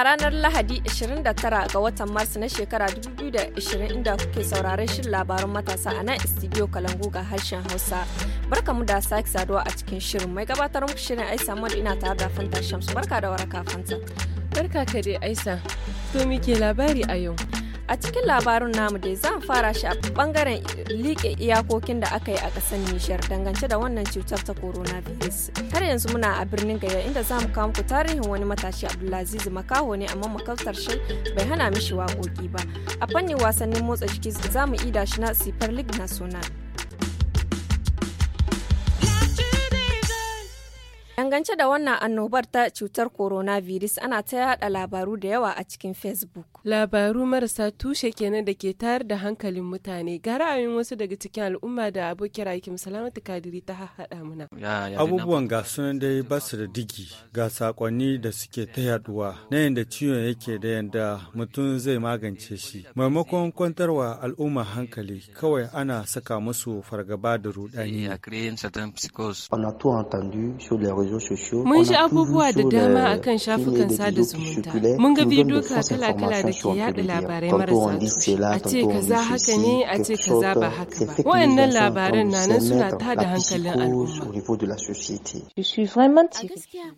a ranar Lahadi 29 ga watan Mars na shekara 2020 inda kuke sauraron shirin labaran matasa a nan studio Kalangu ga harshen Hausa. Barka mu da sake saduwa a cikin shirin mai gabatar muku shirin Aisha Mod ina tare da Fanta Shamsu. Barka da waraka Fanta. Barka ka dai Aisha. To muke labari a yau. A cikin labarun namu dai zan fara shi a bangaren liƙe iyakokin da aka yi a ƙasar Nijar dangance da wannan cutar ta corona coronavirus. Har yanzu muna a birnin Gaya inda za mu kawo muku tarihin wani matashi Abdulaziz Makaho ne amma makautar shi bai hana mishi waƙoƙi ba. A fannin wasannin motsa jiki za mu ida shi na Super League National. Dangance da wannan annobar ta cutar coronavirus ana ta yada labaru da yawa a cikin Facebook. Labaru marasa tushe kenan da ke tayar da hankalin mutane ga ra'ayin wasu daga cikin al'umma da abokin aikin salamatu kadiri ta haɗa muna. Abubuwan ga sunan dai ba su da digi ga sakonni da suke ta yaduwa na yadda ciwon yake da yadda mutum zai magance shi. Maimakon kwantarwa al'umma hankali kawai ana saka musu fargaba da rudani. Mun shi abubuwa da dama akan shafukan sada zumunta. Mun ga bidiyo kala-kala da ke yada labarai marasa A ce ka za haka ne, a ce ka za ba haka ba. Wayannan labaran na nan suna da hankalin al'umma.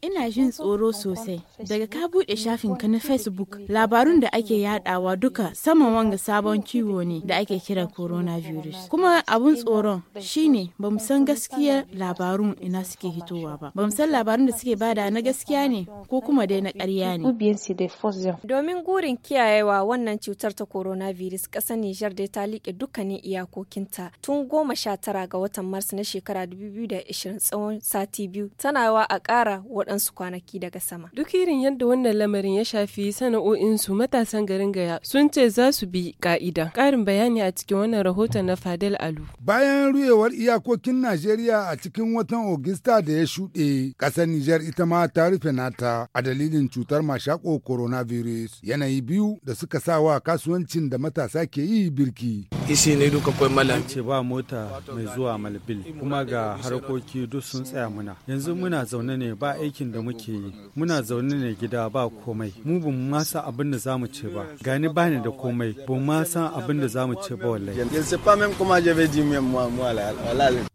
ina jin tsoro sosai. Daga ka buɗe shafin ka na Facebook, labarun da ake yadawa duka saman wanga sabon ciwo ne da ake kira coronavirus. Kuma abun tsoron shine bamu san gaskiya labarun ina suke hitowa ba. Bamu san labarun da suke bada na gaskiya ne ko kuma dai na ƙarya ne. Domin gurin kiyayewa wannan cutar ta coronavirus ƙasar Nijar dai ta liƙe dukkanin iyakokinta tun goma sha tara ga watan Mars na shekara 2020 tsawon sati biyu tana wa a ƙara waɗansu kwanaki daga sama. Duk irin yadda wannan lamarin ya shafi sana'o'in su matasan garin Gaya sun ce za su bi ka'ida. Ƙarin bayani a cikin wannan rahoton na Fadel Alu. Bayan ruyewar iyakokin Najeriya a cikin watan Ogista da ya shuɗe kasar Nijar ita ma ta rufe nata a dalilin cutar mashako coronavirus yanayi biyu da suka sa wa kasuwancin da matasa ke yi birki. Isi ne duka kwai malam. Ce ba mota mai zuwa malbil kuma ga harkoki duk sun tsaya muna. Yanzu muna zaune ne ba aikin da muke yi. Muna zaune ne gida ba komai. Mu ban ma san abin da zamu ce ba. Gani bani da komai. Ban ma san abin da zamu ce ba wallahi.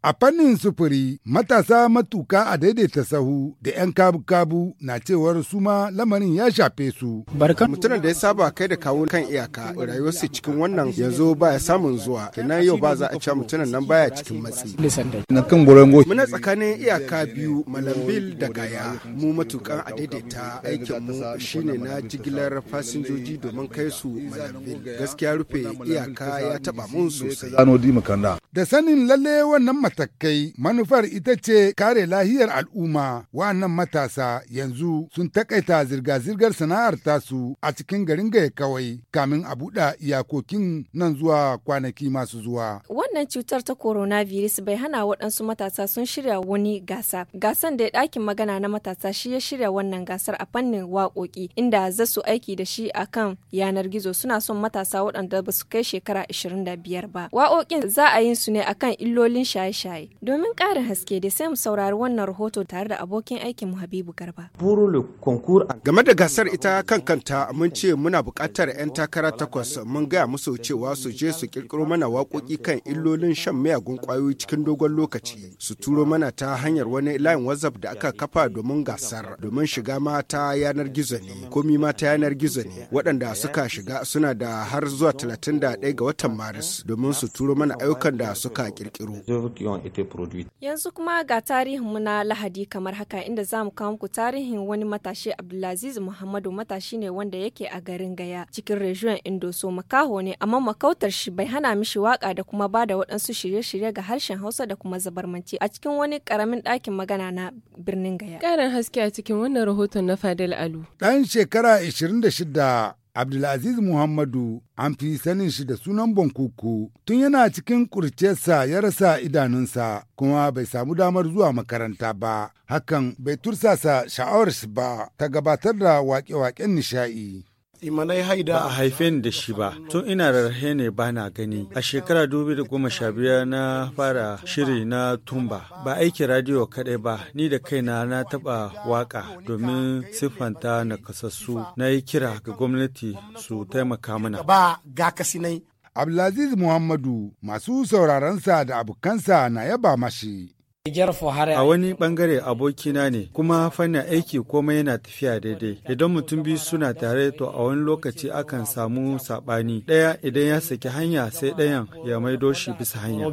A fannin sufuri matasa matuka a daidaita sahu da 'yan kabu-kabu na cewar su ma lamarin ya shafe su. Mutumin da ya saba kai da kawo kan iyaka rayuwarsu cikin wannan yanzu ba ya samun zuwa kenan yau ba za a ce mutumin nan baya cikin matsi. Muna tsakanin iyaka biyu malambil da gaya mu matukan a daidaita aikin mu shine na jigilar fasinjoji domin kai su malambil gaskiya rufe iyaka ya taba mun sosai. Da sanin lalle wannan matakai manufar ita ce kare lahiyar al'umma. al'umma wa'annan matasa yanzu sun takaita zirga-zirgar sana'ar tasu a cikin garin gaya kawai kamin a buɗe iyakokin nan zuwa kwanaki masu zuwa. Wannan cutar ta virus bai hana waɗansu matasa sun shirya wani gasa. Gasan da ya ɗakin magana na matasa shi ya shirya wannan gasar a fannin waƙoƙi inda za su aiki da shi akan yanar gizo suna son matasa waɗanda ba su kai shekara da biyar ba. Waƙoƙin za a yin su ne akan illolin shaye-shaye. Domin ƙarin haske da sai mu saurari wannan rahoto tare tare da abokin aikinmu Habibu Garba. Game da gasar ita kan kanta mun ce muna buƙatar 'yan takara takwas mun gaya musu cewa su je su kirkiro mana waƙoƙi kan illolin shan miyagun ƙwayoyi cikin dogon lokaci su turo mana ta hanyar wani layin WhatsApp da aka kafa domin gasar domin shiga ma ta yanar gizo ne komi ma ta yanar gizo ne waɗanda suka shiga suna da har zuwa talatin da 31 ga watan Maris domin su turo mana ayyukan da suka kirkiro. Yanzu kuma ga tarihin mu na Lahadi kamar haka inda za mu kawo muku tarihin wani matashi Abdulaziz Muhammadu matashi ne wanda yake a garin Gaya cikin rejiyon Indoso makaho ne amma makautar shi bai hana mishi waka da kuma bada waɗansu shirye-shirye ga harshen Hausa da kuma zabarmanci a cikin wani karamin ɗakin magana na birnin Gaya. Ƙarin haske a cikin wannan rahoton na Fadil Alu. Ɗan shekara 26 Abdulaziz Muhammadu an fi sanin shi da sunan Bankuku tun yana cikin kurcesa ya rasa idanunsa kuma bai samu damar zuwa makaranta ba hakan bai tursasa sha'awar shi ba ta gabatar da wake-waken nisha'i. haida a haife ni da shi ba, tun ina rarhe ne ba na gani. A shekara biyar na fara shiri na tumba. Ba aiki radio kaɗai ba, ni da kaina na taɓa waƙa domin siffanta na kasassu na yi kira ga gwamnati su taimaka mana. Ba ga kasinai. Abdulaziz Muhammadu masu sauraronsa da abokansa na yaba mashi. A wani bangare abokina ne kuma fannin aiki komai yana tafiya daidai. Idan mutum biyu suna tare to a wani lokaci akan samu saɓani. Ɗaya idan ya saki hanya sai ɗayan ya maido shi bisa hanya.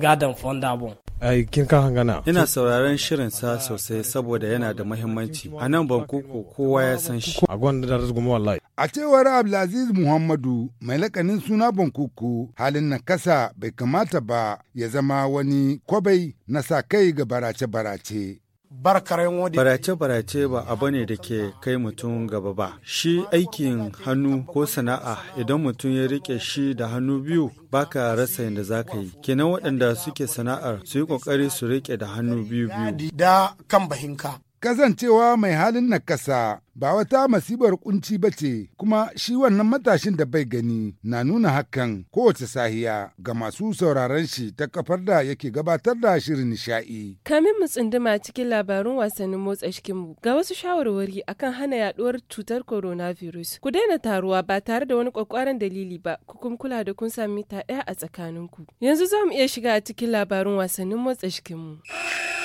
kin kan hangana. Ina sauraron shirin sa sosai saboda yana da muhimmanci. A nan Bangkoko kowa ya san shi. A gwanda da rasguma wallahi. A cewar Abdulaziz Muhammadu mai lakanin suna Bangkoko halin na nakasa bai kamata ba ya zama wani kwabai na sa kai ga barace-barace. Barace-barace ba abu ne da ke kai mutum gaba ba. Shi aikin hannu ko sana'a idan mutum ya rike shi da hannu biyu baka rasa yadda za ka yi. Kenan waɗanda suke sana'ar su yi ƙoƙari su rike da hannu biyu biyu. Da kan bahinka. Kasancewa mai halin nakasa ba wata masibar kunci ba ce kuma shi wannan matashin da bai gani na nuna hakan kowace sahiya ga masu sauraron shi ta kafar da yake gabatar da shirin nishaɗi. Kamin mu tsunduma cikin labarun wasannin motsa mu ga wasu shawarwari akan hana yaduwar cutar coronavirus. Ku daina taruwa ba tare da wani kwakwaran dalili ba ku kuma kula da kun sami ta ɗaya a tsakaninku. Yanzu za mu iya shiga a cikin labarun wasannin motsa cikinmu. mu.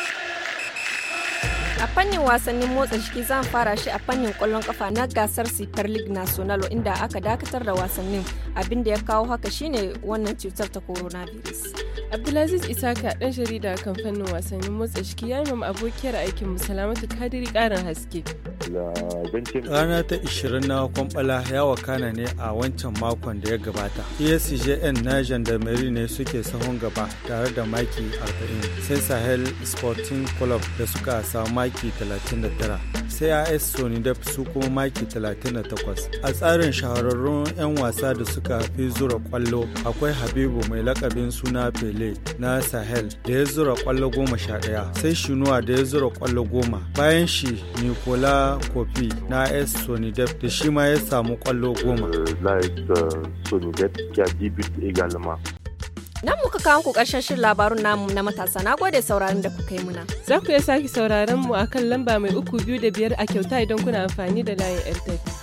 A fannin wasannin motsa jiki zan fara shi a fannin kwallon kafa na gasar Super League National inda aka dakatar da wasannin abin da ya kawo haka shine wannan cutar ta coronavirus. Abdulaziz Isaka dan jarida kan fannin wasannin motsa jiki ya yi abokiyar aikin mu Salamatu Kadiri karin haske. Rana ta 20 na kwamfala ya wakana ne a wancan makon da ya gabata. ESCJN na gendarmerie ne suke sahun gaba tare da maki 40 sai Sahel Sporting Club da suka samu maki 39. sai AS Sonidep su kuma maki 38. A tsarin shahararrun 'yan wasa da suka fi zura kwallo akwai Habibu mai lakabin suna Pele na Sahel da ya zura kwallo goma sha ɗaya sai Shinuwa da ya zura kwallo goma bayan shi Nicola kofi na sony Sonidep da shi ma ya samu kwallo goma. Eh, eh, Nan muka kawo ku ƙarshen shirin labarun namu na matasa na gode sauraron da kuka yi muna. Za ku iya sake sauraron mu akan lamba mai uku biyu da biyar a kyauta idan kuna amfani da layin Airtel.